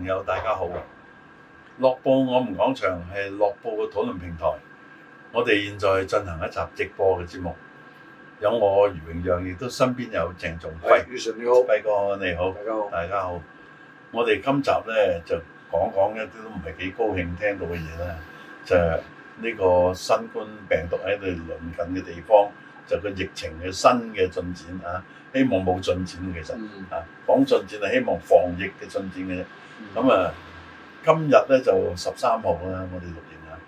朋友大家好，樂報我們講場係樂報嘅討論平台，我哋現在進行一集直播嘅節目，有我余榮陽，亦都身邊有鄭仲輝，余順喂你好，輝哥你好，大家好，大家好，我哋今集呢，就講講一啲都唔係幾高興聽到嘅嘢啦，就係、是、呢個新冠病毒喺度鄰近嘅地方，就個、是、疫情嘅新嘅進展啊，希望冇進展，其實啊講進展係希望防疫嘅進展嘅啫。咁啊，嗯、今呢日咧就十三號啦，我哋錄影啊，誒、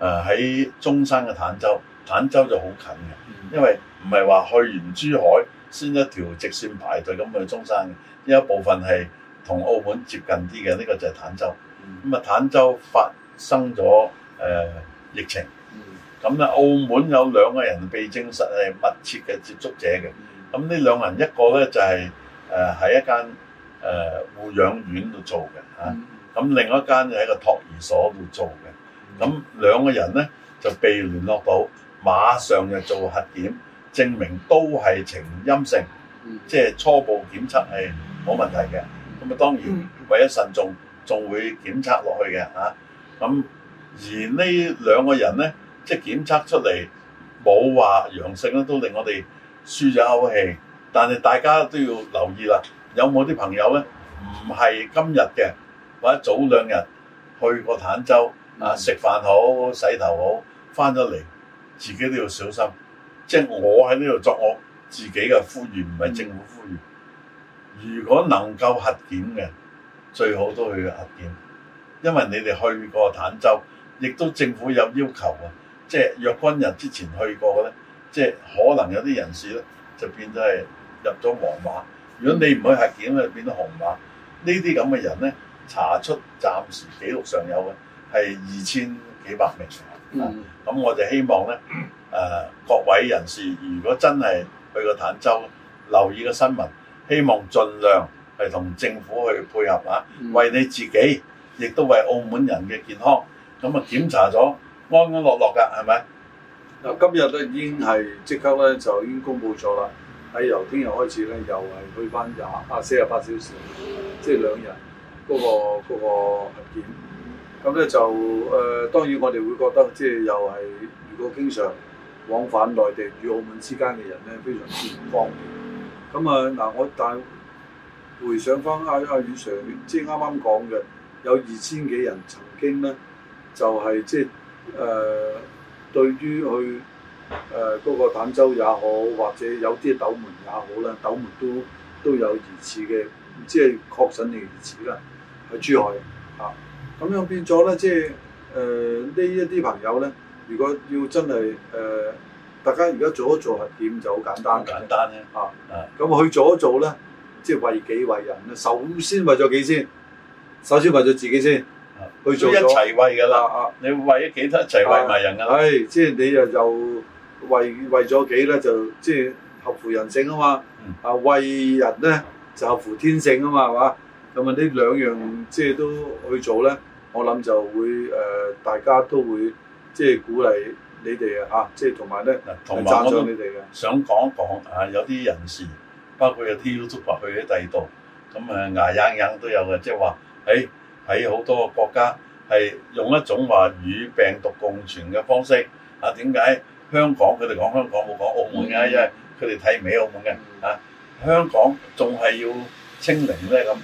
呃、喺中山嘅坦洲，坦洲就好近嘅，因為唔係話去完珠海先一條直線排隊咁去中山嘅，有一部分係同澳門接近啲嘅，呢、這個就係坦洲。咁、嗯、啊，嗯、坦洲發生咗誒、呃、疫情，咁、嗯、咧、嗯、澳門有兩個人被證實係密切嘅接觸者嘅，咁呢兩個人一個咧就係誒喺一間。誒護養院度做嘅嚇，咁另一間就喺個托兒所度做嘅，咁兩個人咧就被聯絡到，馬上就做核檢，證明都係呈陰性，即係初步檢測係冇問題嘅。咁啊當然為咗慎重，仲會檢測落去嘅嚇。咁而呢兩個人咧，即係檢測出嚟冇話陽性咧，都令我哋舒咗口氣。但係大家都要留意啦。有冇啲朋友咧？唔係今日嘅，或者早兩日去過坦洲啊，食飯好、洗頭好，翻咗嚟自己都要小心。即係我喺呢度作我自己嘅呼籲，唔係政府呼籲。如果能夠核檢嘅，最好都去核檢，因為你哋去過坦洲，亦都政府有要求啊。即係若干日之前去過嘅咧，即係可能有啲人士咧就變咗係入咗黃碼。如果你唔去核檢咧，變到紅碼。呢啲咁嘅人咧，查出暫時記錄上有嘅係二千幾百名。嗯，咁、啊、我哋希望咧，誒、啊、各位人士，如果真係去過坦洲，留意個新聞，希望儘量係同政府去配合嚇、啊，為你自己，亦都為澳門人嘅健康，咁啊檢查咗安安樂樂㗎，係咪？嗱，今日咧已經係即刻咧就已經公佈咗啦。喺由聽日開始咧，又係去翻廿啊四十八小時，呃、即係兩日嗰、那個核檢。咁、那、咧、個嗯、就誒、呃，當然我哋會覺得即係又係，如果經常往返內地與澳門之間嘅人咧，非常之唔方便。咁、嗯、啊，嗱，我但回想翻下下，以前即係啱啱講嘅，有二千幾人曾經咧，就係、是、即係誒、呃、對於去。誒嗰坦洲也好，或者有啲斗門也好啦，斗門都都有疑似嘅，唔知係確診定疑似啦，喺珠海嚇。咁、啊、樣變咗咧，即係誒呢一啲朋友咧，如果要真係誒、呃，大家而家做一做核檢就好簡單，簡單咧嚇。咁去做一做咧，即係為己為人咧。首先為咗幾先，首先為咗自己，為己先為己為己，去做一齊為㗎啦。啊、你為咗幾都一齊為埋人㗎啦。係、啊，即係你又又。為為咗己咧就即係合乎人性啊嘛，啊、嗯、為人咧就合乎天性啊嘛，係嘛？咁啊，呢兩樣即係都去做咧，我諗就會誒、呃，大家都會即係鼓勵你哋啊，即係同埋咧同讚賞你哋嘅。想講一講啊，有啲人士，包括有 YouTuber 去佢啲第二度，咁、嗯、啊牙癢癢都有嘅，即係話喺喺好多個國家係用一種話與病毒共存嘅方式，啊點解？香港佢哋講香港冇講澳門嘅，因為佢哋睇唔起澳門嘅啊。香港仲係要清零咧咁，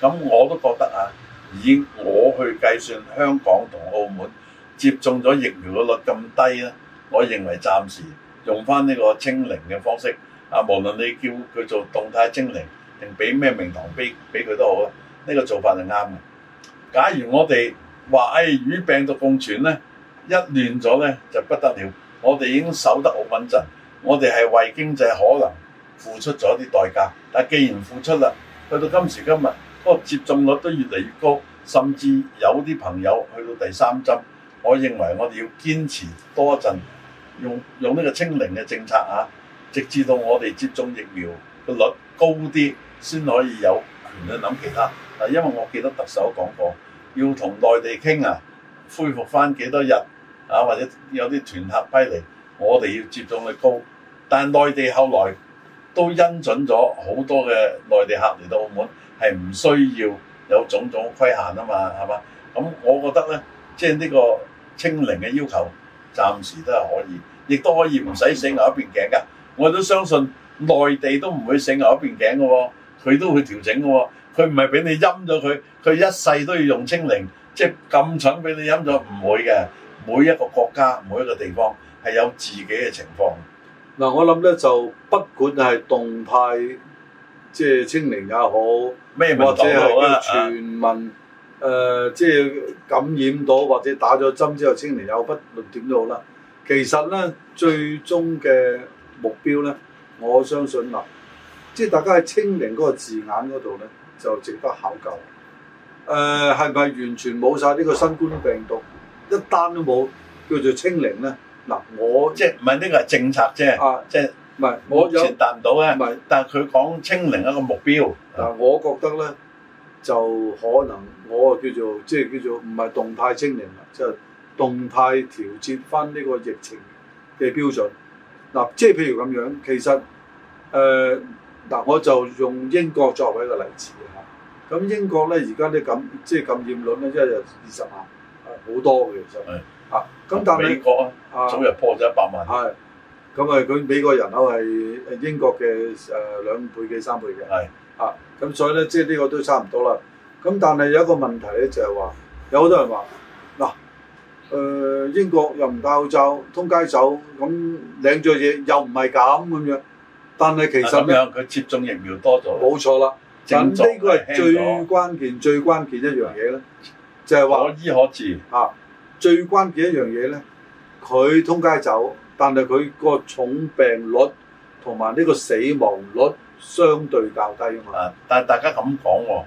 咁我都覺得啊，以我去計算香港同澳門接種咗疫苗嘅率咁低咧，我認為暫時用翻呢個清零嘅方式啊，無論你叫佢做動態清零定俾咩名堂俾俾佢都好啊，呢個做法就啱嘅。假如我哋話誒與病毒共存咧，一亂咗咧就不得了。我哋已經守得好穩陣，我哋係為經濟可能付出咗啲代價，但既然付出啦，去到今時今日，嗰個接種率都越嚟越高，甚至有啲朋友去到第三針，我認為我哋要堅持多一陣，用用呢個清零嘅政策啊，直至到我哋接種疫苗個率高啲，先可以有權去諗其他。但、啊、因為我記得特首講過，要同內地傾啊，恢復翻幾多日。啊，或者有啲團客批嚟，我哋要接種率高。但係內地後來都恩準咗好多嘅內地客嚟到澳門，係唔需要有種種規限啊嘛，係嘛？咁我覺得咧，即係呢個清零嘅要求暫時都係可以，亦都可以唔使死牛一邊頸噶。我都相信內地都唔會死牛一邊頸噶，佢都會調整噶。佢唔係俾你陰咗佢，佢一世都要用清零，即係咁蠢俾你陰咗，唔會嘅。每一個國家、每一個地方係有自己嘅情況。嗱，我諗咧就不管係動態，即係清零也好，問題也好，或者係叫全民誒，即係、啊呃就是、感染到或者打咗針之後清零，有不論點都好啦。其實咧，最終嘅目標咧，我相信嗱，即係大家喺清零嗰個字眼嗰度咧，就值得考究。誒、呃，係咪完全冇晒呢個新冠病毒？一單都冇叫做清零咧。嗱、啊，我即係唔係呢個係政策啫，啊、即係唔係我傳達唔到嘅。唔係是，但係佢講清零一個目標。但、嗯啊、我覺得咧，就可能我叫做即係叫做唔係動態清零啦，即、就、係、是、動態調節翻呢個疫情嘅標準。嗱、啊，即係譬如咁樣，其實誒嗱、呃啊，我就用英國作為一個例子啊。咁英國咧而家啲禁即係感染率咧一日二十萬。好多嘅其實，是啊，咁但係美國啊，啊早日破咗一百萬，係咁啊，佢美國人口係英國嘅誒、呃、兩倍嘅、三倍嘅，係是啊，咁所以咧即係呢個都差唔多啦。咁但係有一個問題咧，就係話有好多人話嗱，誒、啊呃、英國又唔戴口罩通街走，咁、嗯、領咗嘢又唔係咁咁樣。但係其實咧，佢、啊、接種疫苗多咗，冇錯啦。咁呢著個係最關鍵、最關鍵一樣嘢咧。嗯嗯就係話可醫可治，嚇、啊，最關鍵一樣嘢咧，佢通街走，但係佢個重病率同埋呢個死亡率相對較低啊嘛。但係大家咁講喎，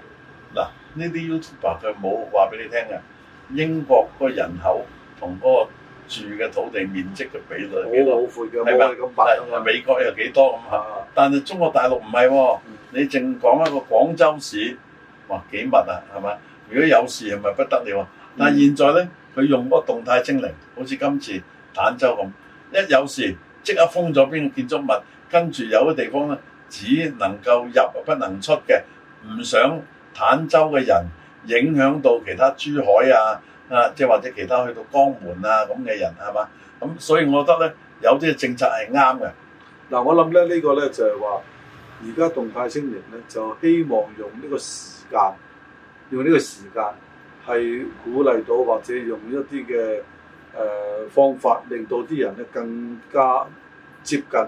嗱、啊、呢啲 YouTuber 佢冇話俾你聽、啊、嘅，英國個人口同嗰個住嘅土地面積嘅比率幾多？冇闊嘅，咁吧啊，啊美國又幾多咁啊？啊但係中國大陸唔係喎，嗯、你淨講一個廣州市，哇幾密啊，係咪？如果有事係咪不，不得了啊？但係現在咧，佢、嗯、用嗰個動態清零，好似今次坦洲咁，一有事即刻封咗邊個建築物，跟住有啲地方咧，只能夠入不能出嘅，唔想坦洲嘅人影響到其他珠海啊啊，即係或者其他去到江門啊咁嘅人係嘛？咁所以我覺得咧，有啲政策係啱嘅。嗱，我諗咧呢、呢個咧就係、是、話，而家動態清零咧就是、希望用呢個時間。用呢個時間係鼓勵到，或者用一啲嘅誒方法，令到啲人咧更加接近誒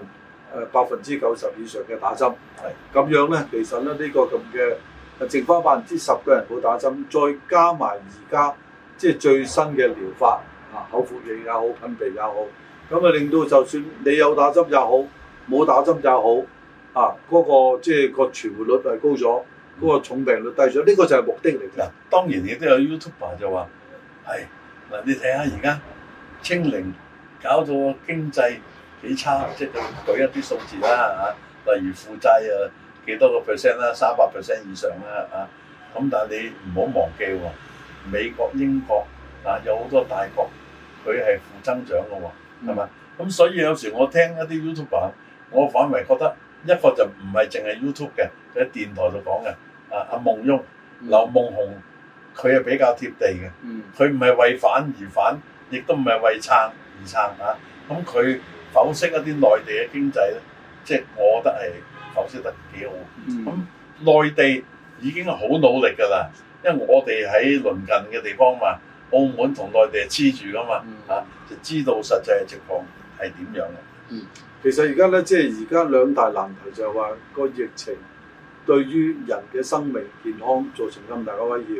百分之九十以上嘅打針，係咁是樣咧，其實咧呢、這個咁嘅，剩翻百分之十嘅人冇打針，再加埋而家即係最新嘅療法啊，口服液也好，噴鼻也好，咁啊令到就算你有打針也好，冇打針也好，啊嗰、那個即係個存活率係高咗。嗰個重病率低咗，呢、這個就係目的嚟㗎。嗱，當然亦都有 YouTuber 就話，係、哎、嗱，你睇下而家清零搞到經濟幾差， 即係舉一啲數字啦嚇、啊。例如負債啊，幾多個 percent 啦，三百 percent 以上啦啊。咁但係你唔好忘記喎、啊，美國、英國啊，有好多大國佢係負增長㗎喎，係咪？ 咁所以有時我聽一啲 YouTuber 我反為覺得。一個就唔係淨係 YouTube 嘅，佢喺電台度講嘅。啊，阿孟雍、劉孟雄，佢係、嗯、比較貼地嘅。佢唔係為反而反，亦都唔係為撐而撐嚇。咁佢剖析一啲內地嘅經濟咧，即、就、係、是、我覺得係剖析得幾好。咁、嗯啊、內地已經好努力㗎啦，因為我哋喺鄰近嘅地方嘛，澳門同內地係黐住㗎嘛嚇、啊，就知道實際嘅情況係點樣嘅。嗯嗯。其實而家咧，即係而家兩大難題就係話個疫情對於人嘅生命健康造成咁大嘅威脅，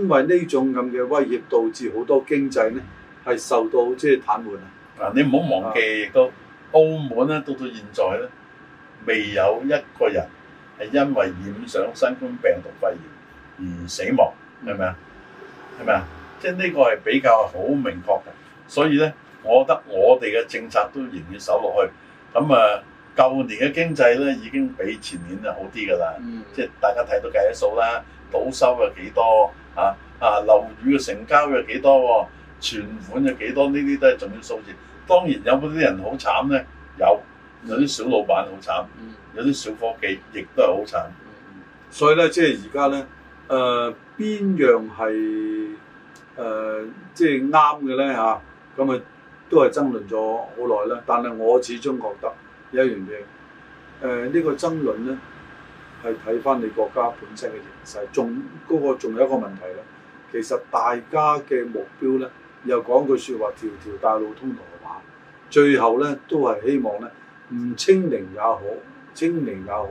因為呢種咁嘅威脅導致好多經濟咧係受到即係癱瘓啊！啊，你唔好忘記亦都澳門咧，到到現在咧未有一個人係因為染上新冠病毒肺炎而死亡，係咪啊？係咪啊？即係呢個係比較好明確嘅，所以咧。我覺得我哋嘅政策都仍然守落去，咁啊舊年嘅經濟咧已經比前年就好啲㗎啦，嗯、即係大家睇到計下數啦，倒收有幾多啊啊樓宇嘅成交有幾多，存款有幾多，呢啲都係重要數字。當然有冇啲人好慘咧，有有啲小老闆好慘，有啲小夥計亦都係好慘。所以咧，即係而家咧，誒、呃、邊樣係誒、呃、即係啱嘅咧吓。咁啊～都係爭論咗好耐啦，但係我始終覺得有一樣嘢，誒、呃、呢、這個爭論咧係睇翻你國家本身嘅形勢，仲嗰個仲有一個問題咧，其實大家嘅目標咧又講句説話，條條大路通羅馬，最後咧都係希望咧唔清零也好，清零也好，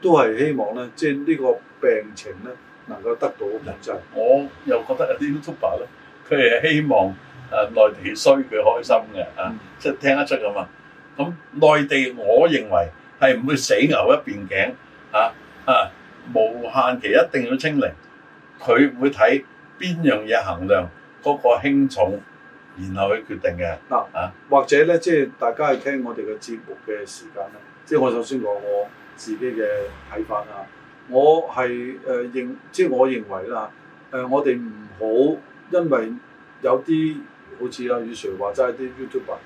都係希望咧即係呢、就是、個病情咧能夠得到控制。我又覺得有啲 YouTuber 咧，佢係希望。誒，內地衰佢開心嘅啊，即係聽得出㗎嘛。咁內地，我認為係唔會死牛一邊頸嚇嚇，無限期一定要清零。佢會睇邊樣嘢衡量嗰個輕重，然後去決定嘅嗱嚇。或者咧，即係大家係聽我哋嘅節目嘅時間咧，即係我首先講我自己嘅睇法啦。我係誒、認，即係我認為啦。誒，我哋唔好因為有啲好似啦，與誰話齋啲、就是、YouTube r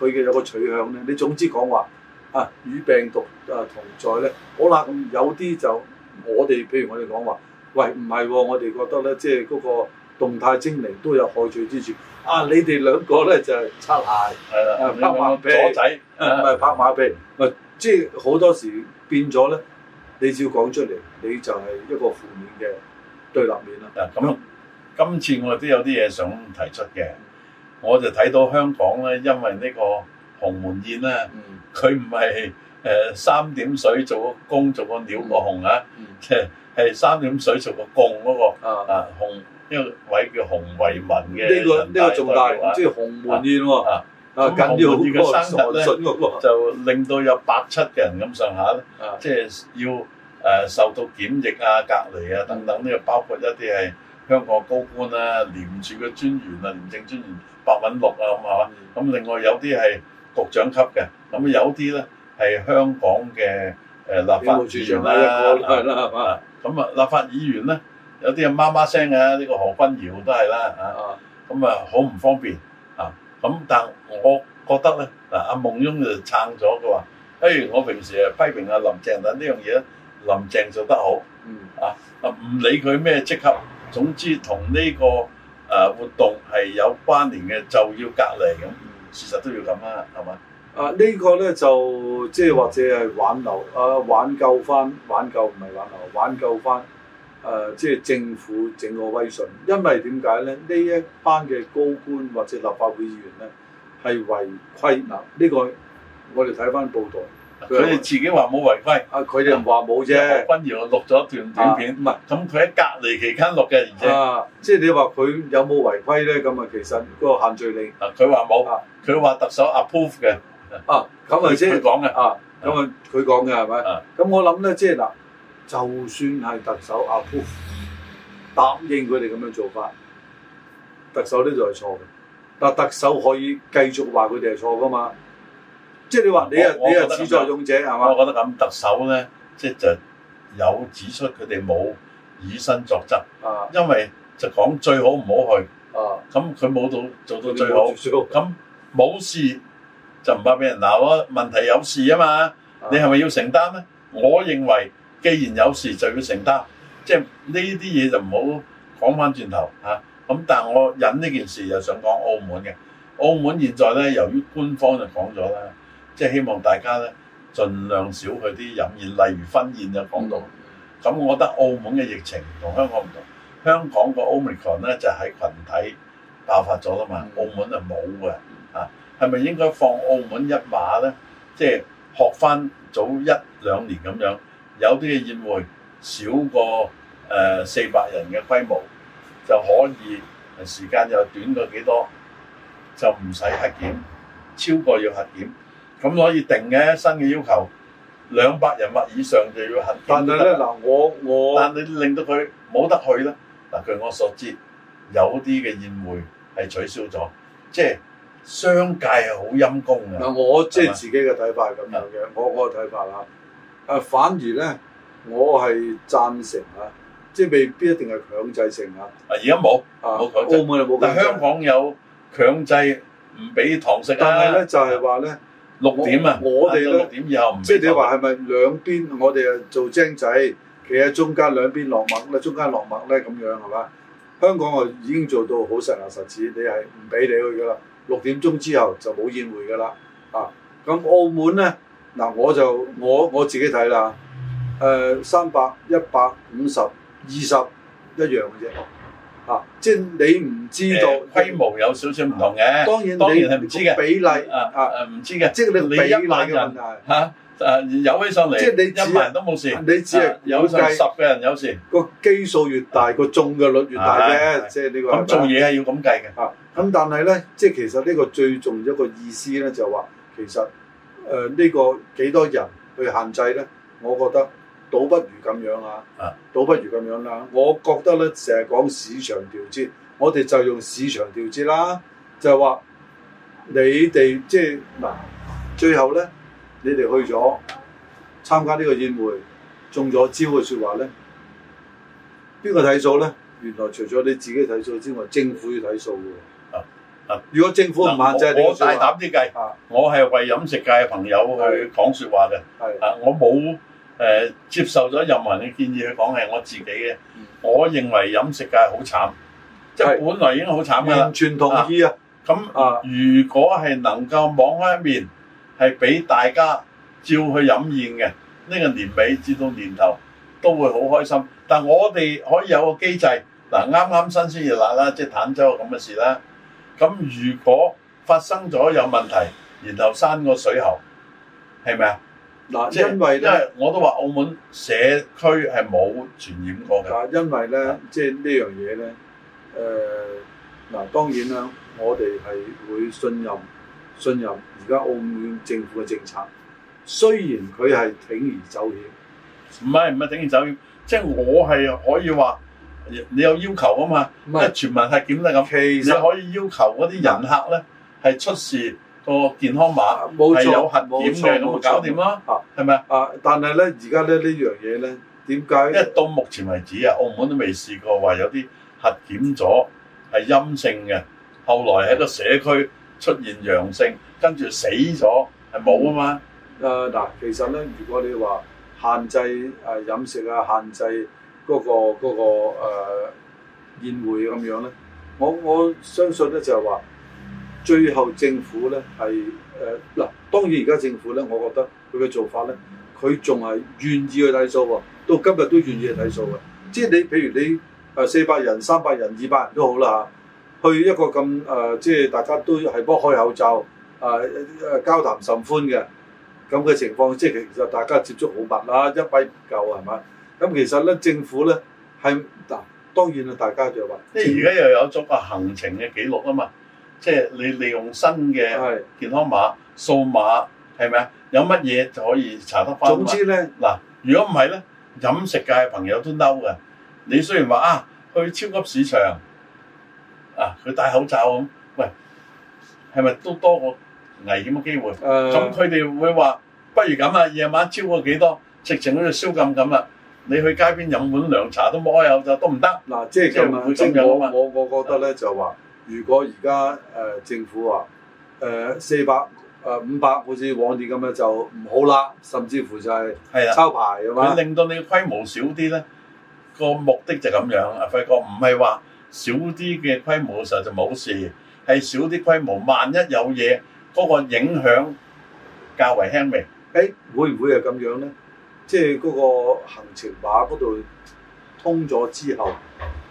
佢嘅有個取向咧。你總之講話啊，與病毒啊同在咧。好啦，咁有啲就我哋，譬如我哋講話，喂，唔係我哋覺得咧，即係嗰個動態精靈都有害處之處。啊，你哋兩個咧就係、是、擦鞋，的拍馬屁，仔，唔係、啊、拍馬屁。啊的，即係好多時變咗咧，你只要講出嚟，你就係一個負面嘅對立面啦。啊，咁那今次我哋都有啲嘢想提出嘅。我就睇到香港咧，因為個呢個鴻門宴咧，佢唔係誒三點水做個公做個鳥嗰個鴻、嗯、啊，即係三點水做個公嗰個啊洪，一位叫洪為民嘅呢個呢個仲大，即係鴻門宴喎。啊，咁鴻、嗯這個、門宴嘅、啊啊啊、生日咧，哦、就令到有百七人咁上下咧，即係、啊啊就是、要誒、呃、受到檢疫啊、隔離啊等等呢咧，嗯、包括一啲係。香港高官啊，廉署嘅專員啊，廉政專員白韞六啊咁啊，咁、嗯、另外有啲係局長級嘅，咁有啲咧係香港嘅誒立法議員啦，係啦嚇，咁啊立法議員咧有啲啊媽媽聲、這個、啊，呢個何君堯都係啦嚇，咁啊好唔方便啊，咁、嗯、但我覺得咧嗱阿夢翁就撐咗佢話，譬如、哎、我平時啊批評阿林鄭等呢樣嘢，林鄭做得好，嗯啊啊唔理佢咩職級。總之，同呢個誒活動係有關聯嘅，就要隔離咁，事實都要咁啦，係嘛？啊、呃，呢個、呢個咧就即係或者係挽留啊，挽救翻，挽救唔係挽留，挽救翻誒、呃，即係政府整個威信。因為點解咧？呢一班嘅高官或者立法會議員咧，係違規啦。呢、呃呢個我哋睇翻報道。佢哋自己話冇違規，啊佢就話冇啫。如爺錄咗一段短片，唔係咁佢喺隔離期間錄嘅，而且啊，即係你話佢有冇違規咧？咁啊，其實個限聚令佢話冇，佢話特首 approve 嘅啊，咁咪先佢講嘅啊，咁啊佢講嘅係咪？咁我諗咧，即係嗱，就算係特首 approve，答應佢哋咁樣做法，特首呢就係錯嘅，但特首可以繼續話佢哋係錯㗎嘛。即係你話我你啊是，你啊，始作俑者係嘛？我覺得咁特首咧，即係就有指出佢哋冇以身作則。啊，因為就講最好唔好去。啊，咁佢冇到做到最好，咁冇事就唔怕俾人鬧啊。問題有事啊嘛，啊你係咪要承擔咧？我認為既然有事就要承擔，即係呢啲嘢就唔好講翻轉頭啊。咁但係我引呢件事就想講澳門嘅澳門現在咧，由於官方就講咗啦。即係希望大家咧，儘量少去啲飲宴，例如婚宴就講到。咁我覺得澳門嘅疫情同香港唔同，香港個 Omicron 咧就喺羣體爆發咗啦嘛，澳門啊冇㗎，啊係咪應該放澳門一馬咧？即係學翻早一兩年咁樣，有啲嘅宴會少過誒四百人嘅規模就可以，時間又短過幾多，就唔使核檢，超過要核檢。咁可以定嘅新嘅要求，兩百人或以上就要核檢啦。但係咧，嗱我我但你令到佢冇得去啦。嗱據我所知，有啲嘅宴會係取消咗，即係商界係好陰功嘅。嗱我即係吧自己嘅睇法係咁樣嘅，嗯、我我嘅睇法啦。誒，反而咧，我係贊成啊，即係未必一定係強制性啊。啊，而家冇冇強制。澳門又冇強制。但香港有強制唔俾堂食啦。但係咧，就係話咧。六點啊！我哋咧，六點以後唔，即係你話係咪兩邊我哋啊做精仔企喺中間兩邊落墨，咁中間落墨咧咁樣係嘛？香港啊已經做到好實牙實齒，你係唔俾你去噶啦。六點鐘之後就冇宴會噶啦。啊，咁、嗯、澳門咧嗱、啊，我就我我自己睇啦。誒、呃，三百、一百、五十、二十，一樣嘅啫。啊！即係你唔知道規、呃、模有少少唔同嘅，當然你比例啊啊唔知嘅，即係你比例嘅問題吓。啊，有起上嚟，即係你，你一萬人都冇事，你只係、啊、有上十個人有事。個基、啊、數越大，個中嘅率越大啫。即係你話咁做嘢啊，要咁計嘅。咁但係咧，即係其實呢個最重要一個意思咧，就話其實誒呢、呃這個幾多人去限制咧？我覺得。倒不如咁樣啊！啊倒不如咁樣啦、啊！我覺得咧，成日講市場調節，我哋就用市場調節啦。就係、是、話你哋即係嗱、啊，最後咧，你哋去咗參加呢個宴會，中咗招嘅説話咧，邊個睇數咧？原來除咗你自己睇數之外，政府要睇數嘅。啊啊！如果政府唔限制你、啊，我大膽啲計，啊、我係為飲食界嘅朋友去講説話嘅。係啊，我冇是。啊啊誒接受咗任何人嘅建議去講，係我自己嘅。我認為飲食界好慘，即係本來已經好慘噶啦。完全同意啊！咁如果係能夠網開一面，係俾大家照去飲宴嘅，呢個年尾至到年頭都會好開心。但係我哋可以有個機制嗱，啱啱新鮮熱辣啦，即係坦洲咁嘅事啦。咁如果發生咗有問題，然後閂個水喉，係咪啊？嗱，因為因為我都話澳門社區係冇傳染過嘅。嗱，因為咧，嗎即係呢樣嘢咧，誒、呃，嗱當然啦，我哋係會信任信任而家澳門政府嘅政策。雖然佢係鋌而走險，唔係唔係鋌而走險，即係我係可以話，你有要求啊嘛，即係全民係檢測咁。其實你可以要求嗰啲人客咧，係出示。個健康碼係有核檢嘅咁啊，冇錯搞掂啦嚇，係咪冇錯吧啊？但係咧，而家咧呢樣嘢咧，點解？因為到目前為止啊，澳門都未試過話有啲核檢咗係陰性嘅，後來喺個社區出現陽性，跟住死咗係冇啊嘛。啊嗱、嗯呃，其實咧，如果你話限制誒飲食啊，限制嗰、嗰個嗰誒宴會咁樣咧，我我相信咧就係話。最後政府咧係誒嗱，當然而家政府咧，我覺得佢嘅做法咧，佢仲係願意去睇數喎，到今日都願意去睇數嘅。即係你譬如你誒四百人、三百人、二百人都好啦嚇，去一個咁誒、呃，即係大家都係幫開口罩啊誒、呃，交談甚歡嘅咁嘅情況，即係其實大家接觸好密啦，一米唔夠係嘛？咁、嗯、其實咧，政府咧係嗱，當然啊，大家就話，即係而家又有咗個行程嘅記錄啊嘛。即係你利用新嘅健康碼數碼係咪啊？有乜嘢就可以查得翻？總之咧嗱，如果唔係咧，飲食界朋友都嬲嘅。你雖然話啊，去超級市場啊，佢戴口罩咁、啊，喂係咪都多過危險嘅機會？咁佢哋會話不如咁啊，夜晚超過幾多，直情好似宵禁咁啊！你去街邊飲碗涼茶都冇開口罩都唔得嗱，即係咁樣即。我我我覺得咧就話。如果而家誒政府話誒四百誒五百，好似往年咁樣就唔好啦，甚至乎就係抄牌嘅嘛。佢令到你規模少啲咧，個目的就咁樣。啊，輝哥唔係話少啲嘅規模嘅時候就冇事，係少啲規模，萬一有嘢，嗰個影響較為輕微。誒會唔會係咁樣咧？即係嗰個行程碼嗰度通咗之後。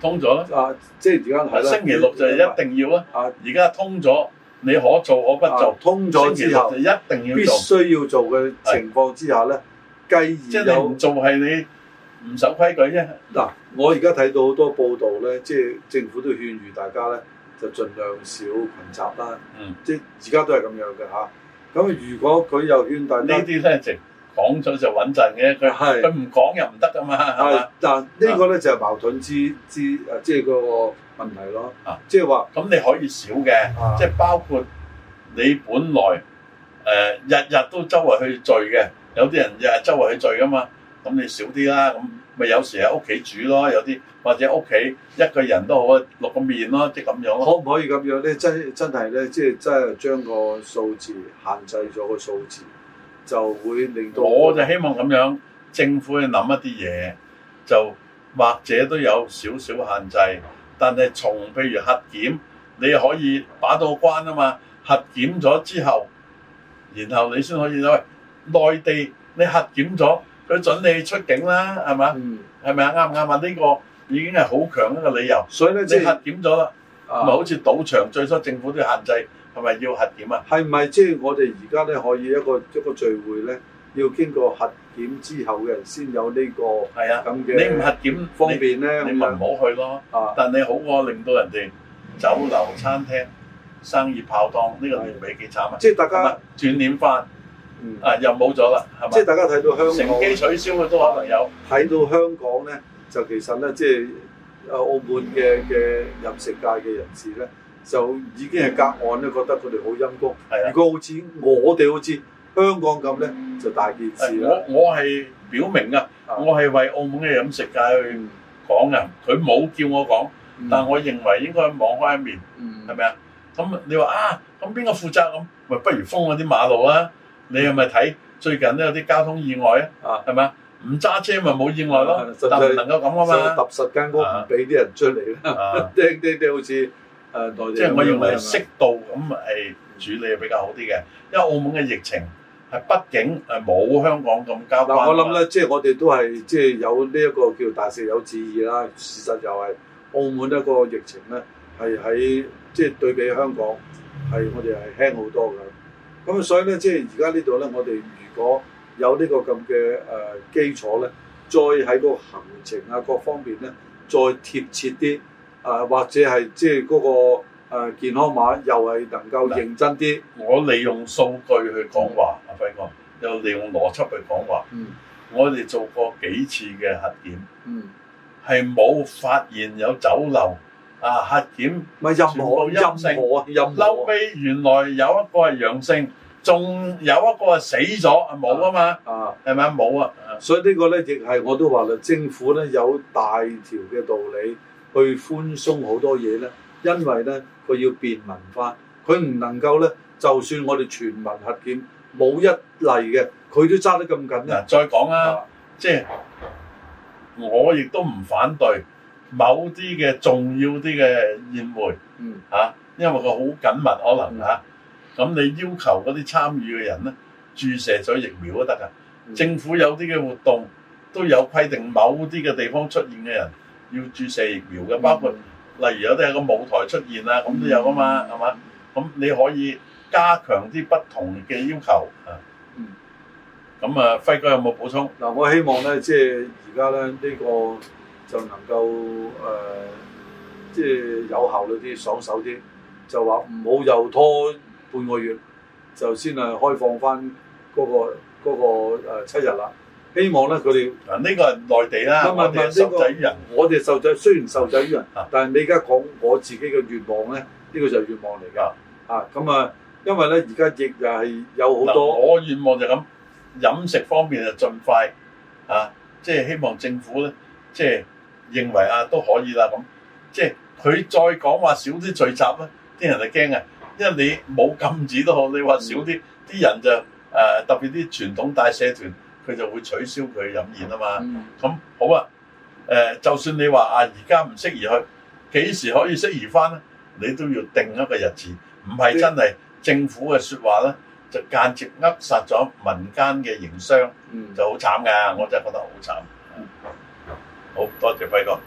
通咗啊，即係而家，星期六就係一定要啊！啊，而家通咗，你可做可不做。啊、通咗之後就一定要做，必須要做嘅情況之下咧，的繼而即係你唔做係你唔守規矩啫。嗱、啊，我而家睇到好多報道咧，即係政府都勸喻大家咧，就盡量少群集啦。嗯、即係而家都係咁樣嘅吓。咁、啊、如果佢又勸大家呢啲咧直。嗯講咗就穩陣嘅，佢佢唔講又唔得噶嘛，係嘛、啊？但呢個咧就係矛盾之之，即係個問題咯。就是、啊，即係話咁你可以少嘅，啊、即係包括你本來誒、呃、日日都周圍去聚嘅，有啲人日日周圍去聚噶嘛，咁你少啲啦，咁、啊、咪有時喺屋企煮咯，有啲或者屋企一個人都好落個麵咯，即係咁樣咯。可唔可以咁樣咧？真、就是、真係咧，即係真係將個數字限制咗個數字。就會令到我就希望咁樣，政府去諗一啲嘢，就或者都有少少限制，但係從譬如核檢，你可以把到關啊嘛，核檢咗之後，然後你先可以咧，喂，內地你核檢咗，佢準你出境啦，係嘛？係咪啊？啱唔啱啊？呢、這個已經係好強一個理由。所以咧，你核檢咗啦，唔、啊、好似賭場，最初政府都要限制。係咪要核檢啊？係咪即係我哋而家咧可以一個一個聚會咧，要經過核檢之後嘅人先有呢個係啊，咁嘅。你唔核檢方便咧，你咪唔好去咯。但你好過令到人哋酒樓餐廳生意泡湯，呢個你未比幾慘啊！即係大家轉念翻啊，又冇咗啦，係咪？即係大家睇到香港乘機取消嘅都可能有。睇到香港咧，就其實咧，即係啊，澳門嘅嘅飲食界嘅人士咧。就已經係隔岸咧，覺得佢哋好陰功。如果好似我哋好似香港咁咧，就大件事啦。我我係表明啊，我係為澳門嘅飲食界去講嘅，佢冇叫我講，但我認為應該網開一面，係咪啊？咁你話啊，咁邊個負責咁？咪不如封嗰啲馬路啦！你係咪睇最近都有啲交通意外啊？係咪啊？唔揸車咪冇意外咯。但係能夠咁噶嘛？揼實間屋唔俾啲人出嚟啦！好似～誒，多即係我認為適度咁係處理比較好啲嘅，因為澳門嘅疫情係畢竟係冇香港咁交關。但我諗咧，即係我哋都係即係有呢一個叫大食有注意啦。事實就係、是、澳門一個疫情咧，係喺即係對比香港係我哋係輕好多嘅。咁所以咧，即係而家呢度咧，我哋如果有呢個咁嘅誒基礎咧，再喺個行程啊各方面咧，再貼切啲。誒、啊、或者係即係嗰、那個、呃、健康碼又係能夠認真啲。我利用數據去講話，阿輝、嗯啊、哥，又利用邏輯去講話。嗯，我哋做過幾次嘅核檢，嗯，係冇發現有走漏啊，核檢咪任何陰性啊，任何啊，嬲尾原來有一個係陽性，仲有一個係死咗啊冇啊嘛，啊係咪冇啊？所以個呢個咧亦係我都話啦，政府咧有大條嘅道理。去寬鬆好多嘢咧，因為咧佢要變文化，佢唔能夠咧，就算我哋全民核檢冇一例嘅，佢都揸得咁緊咧。再講啦、啊，吧即係我亦都唔反對某啲嘅重要啲嘅宴會，嚇、嗯啊，因為佢好緊密可能嚇。咁、啊嗯、你要求嗰啲參與嘅人咧，注射咗疫苗都得噶。嗯、政府有啲嘅活動都有規定，某啲嘅地方出現嘅人。要注射疫苗嘅，包括、嗯、例如有啲喺個舞台出現啊，咁都有噶嘛，係嘛、嗯？咁你可以加強啲不同嘅要求啊。嗯。咁啊，輝哥有冇補充？嗱，我希望咧，即係而家咧呢、呢個就能夠誒、呃，即係有效啲、爽手啲，就話唔好又拖半個月就先啊開放翻嗰、嗰個嗰、嗰個嗰個、七日啦。希望咧，佢哋啊，呢個係內地啦，我哋受制於人。我哋受制雖然受制於人，但係你而家講我自己嘅願望咧，呢個就係願望嚟㗎。啊，咁啊，因為咧而家亦又係有好多，我願望就咁，飲食方面就盡快啊，即係希望政府咧，即係認為啊都可以啦咁。即係佢再講話少啲聚集咧，啲人就驚啊，因為你冇禁止都好，你話少啲，啲人就誒特別啲傳統大社團。佢就會取消佢飲宴啊嘛，咁、嗯、好啊，誒、呃，就算你話啊，而家唔適宜去，幾時可以適宜翻咧？你都要定一個日子，唔係真係政府嘅説話咧，就間接扼殺咗民間嘅營商，嗯、就好慘㗎，我真係覺得好慘。好多謝輝哥。